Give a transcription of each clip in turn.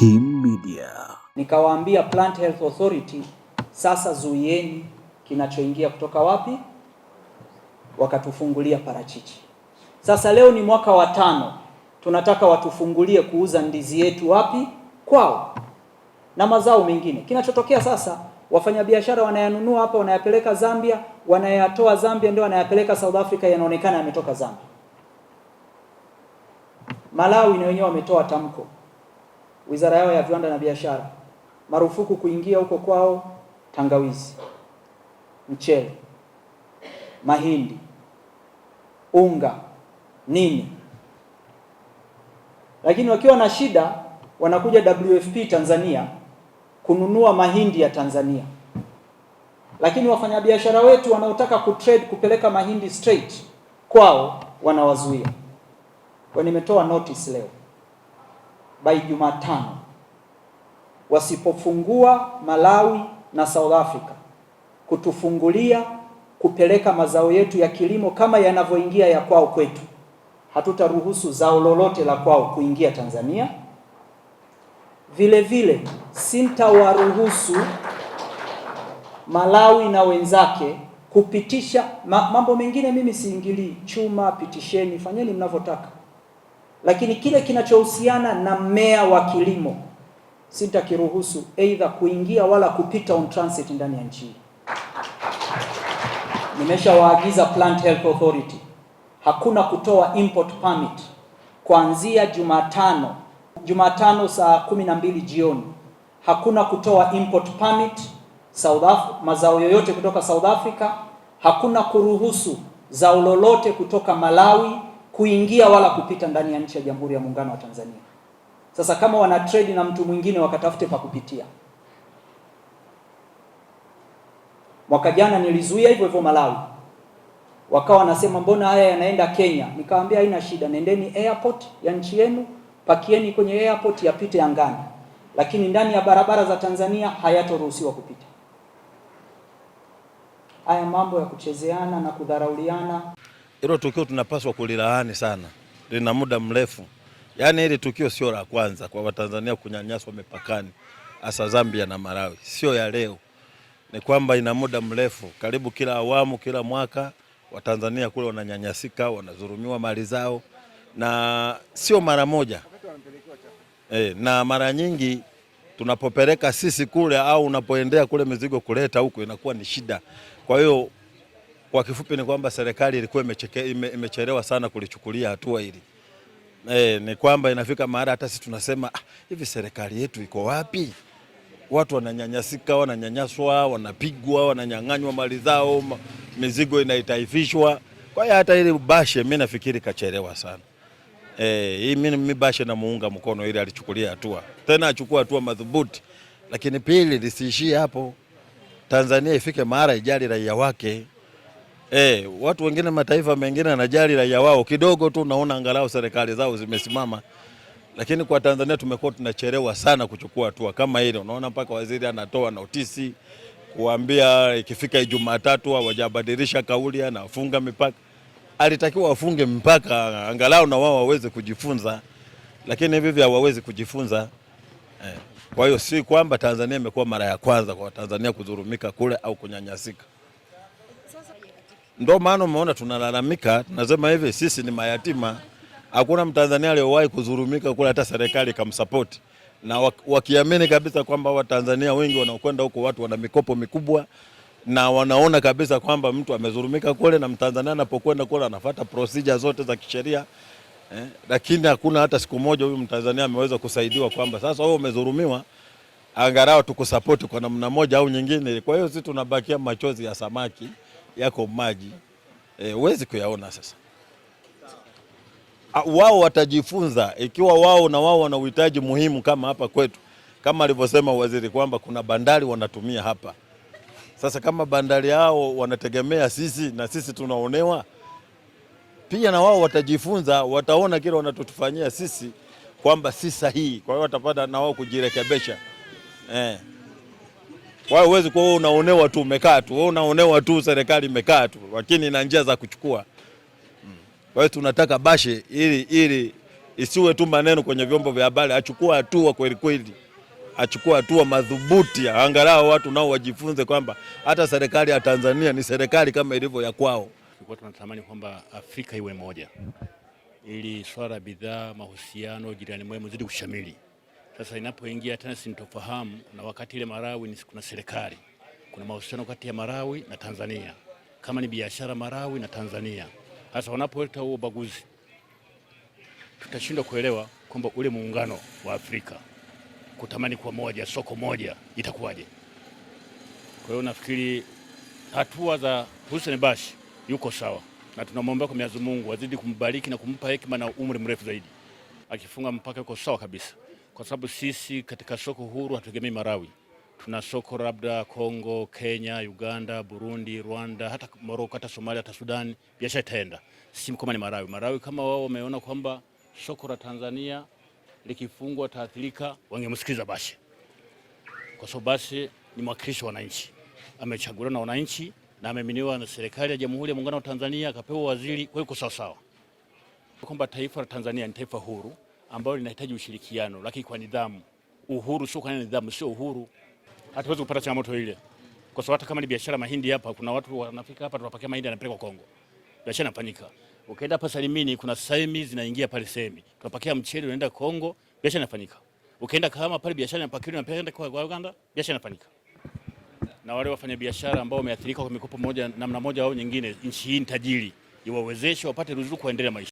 Kim Media. Nikawaambia Plant Health Authority sasa zuieni kinachoingia kutoka wapi? Wakatufungulia parachichi. Sasa leo ni mwaka wa tano, tunataka watufungulie kuuza ndizi yetu wapi? Kwao na mazao mengine. Kinachotokea sasa, wafanyabiashara wanayanunua hapa, wanayapeleka Zambia, wanayatoa Zambia ndio wanayapeleka South Africa, yanaonekana yametoka Zambia. Malawi na wenyewe wametoa tamko wizara yao ya viwanda na biashara, marufuku kuingia huko kwao tangawizi, mchele, mahindi, unga, nini. Lakini wakiwa na shida wanakuja WFP Tanzania kununua mahindi ya Tanzania, lakini wafanyabiashara wetu wanaotaka kutrade kupeleka mahindi straight kwao wanawazuia. Kwa nimetoa notice leo by Jumatano wasipofungua Malawi na South Africa kutufungulia kupeleka mazao yetu ya kilimo kama yanavyoingia ya kwao kwetu, hatutaruhusu zao lolote la kwao kuingia Tanzania. Vile vile sintawaruhusu Malawi na wenzake kupitisha ma, mambo mengine mimi siingilii, chuma pitisheni, fanyeni mnavyotaka lakini kile kinachohusiana na mmea wa kilimo sitakiruhusu aidha kuingia wala kupita on transit ndani ya nchi. Nimeshawaagiza Plant Health Authority, hakuna kutoa import permit kuanzia Jumatano, Jumatano saa kumi na mbili jioni, hakuna kutoa import permit South Africa, mazao yoyote kutoka South Africa, hakuna kuruhusu zao lolote kutoka Malawi kuingia wala kupita ndani ya nchi ya Jamhuri ya Muungano wa Tanzania. Sasa kama wana trade na mtu mwingine wakatafute pa kupitia. Mwaka jana nilizuia hivyo hivyo Malawi, wakawa wanasema mbona haya yanaenda Kenya? Nikamwambia haina shida, nendeni airport ya nchi yenu, pakieni kwenye airport yapite angani, lakini ndani ya barabara za Tanzania hayatoruhusiwa kupita. Haya mambo ya kuchezeana na kudharauliana hilo tukio tunapaswa kulilaani sana, lina muda mrefu. Yaani hili tukio sio la kwanza kwa Watanzania kunyanyaswa mipakani, hasa Zambia na Malawi, sio ya leo. Ni kwamba ina muda mrefu, karibu kila awamu, kila mwaka Watanzania kule wananyanyasika, wanazurumiwa mali zao, na sio mara moja e, na mara nyingi tunapopeleka sisi kule au unapoendea kule mizigo kuleta huko inakuwa ni shida, kwa hiyo kwa kifupi ni kwamba serikali ilikuwa ime, imechelewa sana kulichukulia hatua hili. E, ni kwamba inafika mahali hata sisi tunasema ah, hivi serikali yetu iko wapi? Watu wananyanyasika, wananyanyaswa, wanapigwa, wananyang'anywa mali zao, mizigo inaitaifishwa. Kwa hiyo hata ile Bashe mimi nafikiri kachelewa sana. Eh, hii mimi Bashe namuunga mkono ili alichukulia hatua. Tena achukua hatua madhubuti. Lakini pili lisiishie hapo. Tanzania ifike mahali ijali raia wake. Eh, watu wengine mataifa mengine anajali raia wao kidogo tu, naona angalau serikali zao zimesimama, lakini kwa Tanzania tumekuwa tunachelewa sana kuchukua hatua kama hili. Unaona mpaka waziri anatoa notisi kuambia ikifika Jumatatu hawajabadilisha kauli, anafunga mipaka. Alitakiwa afunge mpaka angalau na wao waweze kujifunza, lakini hivi hivi hawawezi kujifunza eh. Kwa hiyo si kwamba Tanzania imekuwa mara ya kwanza kwa Tanzania kudhulumika kule au kunyanyasika. Ndo maana umeona tunalalamika, tunasema hivi, sisi ni mayatima. Hakuna Mtanzania aliyowahi kudhulumika kule hata serikali ikamsapoti, na wakiamini kabisa kwamba Watanzania wengi wanaokwenda huko watu wana mikopo mikubwa na wanaona kabisa kwamba mtu amezurumika kule na Mtanzania anapokwenda kule anafuata procedure zote za kisheria eh, lakini hakuna hata siku moja huyu Mtanzania ameweza kusaidiwa kwamba sasa wewe umezurumiwa, angalau tukusapoti kwa namna moja au nyingine. Kwa hiyo sisi tunabakia machozi ya samaki yako maji e, huwezi e, kuyaona. Sasa wao watajifunza ikiwa wao na wao wana uhitaji muhimu kama hapa kwetu, kama alivyosema waziri kwamba kuna bandari wanatumia hapa. Sasa kama bandari yao wanategemea sisi na sisi tunaonewa pia, na wao watajifunza, wataona kile wanatotufanyia sisi kwamba si sahihi, kwa hiyo watapata na wao kujirekebisha eh. Wao huwezi kuwa unaonewa tu umekaa tu, wewe unaonewa tu, serikali imekaa tu, lakini ina njia za kuchukua. Hmm. Kwa hiyo tunataka Bashe ili ili isiwe tu maneno kwenye vyombo vya habari, achukua hatua kweli kweli, achukua hatua madhubuti, angalau watu nao wajifunze kwamba hata serikali ya Tanzania ni serikali kama ilivyo ya kwao. Kwa tunatamani kwamba Afrika iwe moja ili swala bidhaa, mahusiano, jirani mwema zidi kushamili. Sasa inapoingia tena sintofahamu, na wakati ile marawi ni kuna serikali, kuna mahusiano kati ya marawi na Tanzania, kama ni biashara marawi na Tanzania. Sasa wanapoleta huo ubaguzi, tutashindwa kuelewa kwamba ule muungano wa Afrika kutamani kwa moja soko moja itakuwaje? Kwa hiyo nafikiri hatua za Hussein Bash yuko sawa, na tunamwombea kwa Mwenyezi Mungu azidi kumbariki na kumpa hekima na umri mrefu zaidi. Akifunga mpaka yuko sawa kabisa kwa sababu sisi katika soko huru hatutegemei Malawi. Tuna soko labda Kongo, Kenya, Uganda, Burundi, Rwanda, hata Morocco, hata Somalia, hata Sudan, biashara itaenda. Sisi kama ni Malawi. Malawi kama wao wameona kwamba soko la Tanzania likifungwa taathirika, wangemsikiza basi, kwa sababu basi ni mwakilishi wa wananchi, amechaguliwa na wananchi na ameaminiwa na serikali ya Jamhuri ya Muungano wa Tanzania, akapewa waziri. Kwa hiyo sawa sawa kwamba taifa la Tanzania ni taifa huru ambalo linahitaji ushirikiano, lakini kwa nidhamu. Uhuru sio kwa nidhamu, sio uhuru, hatuwezi kupata changamoto ile, kwa sababu hata kama ni biashara mahindi hapa, kuna watu wanafika hapa, tunapakia mahindi yanapelekwa Kongo, biashara inafanyika. Ukaenda hapa Salimini, kuna sehemi zinaingia pale, semi tunapakia mchele unaenda Kongo, biashara inafanyika. Ukaenda kama pale, biashara inapakiwa inapelekwa kwa Uganda, biashara inafanyika. Na wale wafanya biashara ambao wameathirika kwa mikopo moja namna moja au nyingine, nchi hii ni tajiri iwawezeshe wapate ruzuku kuendelea maisha.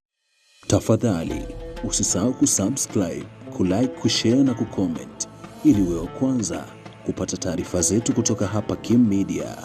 Tafadhali Usisahau kusubscribe, kulike, kushare na kucomment ili wewe kwanza kupata taarifa zetu kutoka hapa Kim Media.